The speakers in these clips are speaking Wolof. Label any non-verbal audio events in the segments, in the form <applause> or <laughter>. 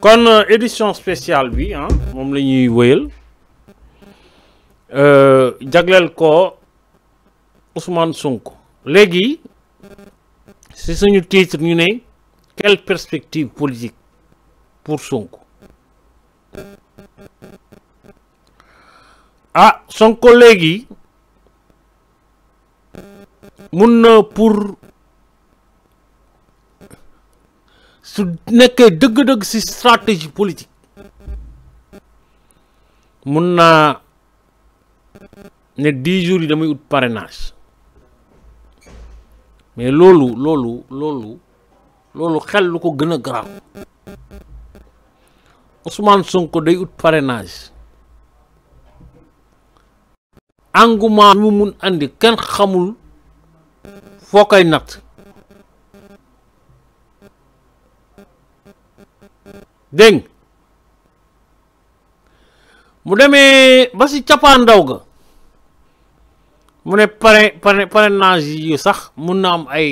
Comme euh, édition spéciale bi hein, Weil, la euh, ko Ousmane Sonko léegi c'est titre ñu quelle perspective politique pour Sonko ah son collègue, mun pour su nekkee dëgg-dëgg ci stratégie politique mun naa ne dix jours yi damay ut parrainage mais loolu loolu loolu loolu xel lu ko gën a garaaw Ousmane Sonko day ut parenage engouement bi mu mun andi kenn xamul foo koy natt dégg mu demee ba si cappaandaw ga mu ne pare pare parrainage yu sax mun na am ay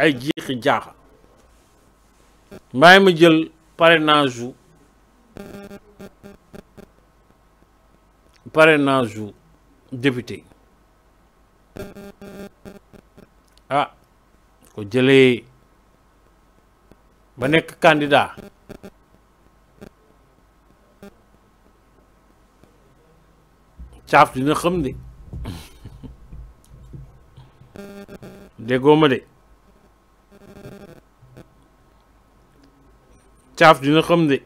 ay jiixi jaaxa mbaay ma jël parrainage yu parrainage yu député ah ko jëlee ba nekk candidat caaf dina xam de <laughs> déggoo ma de caaf dina xam de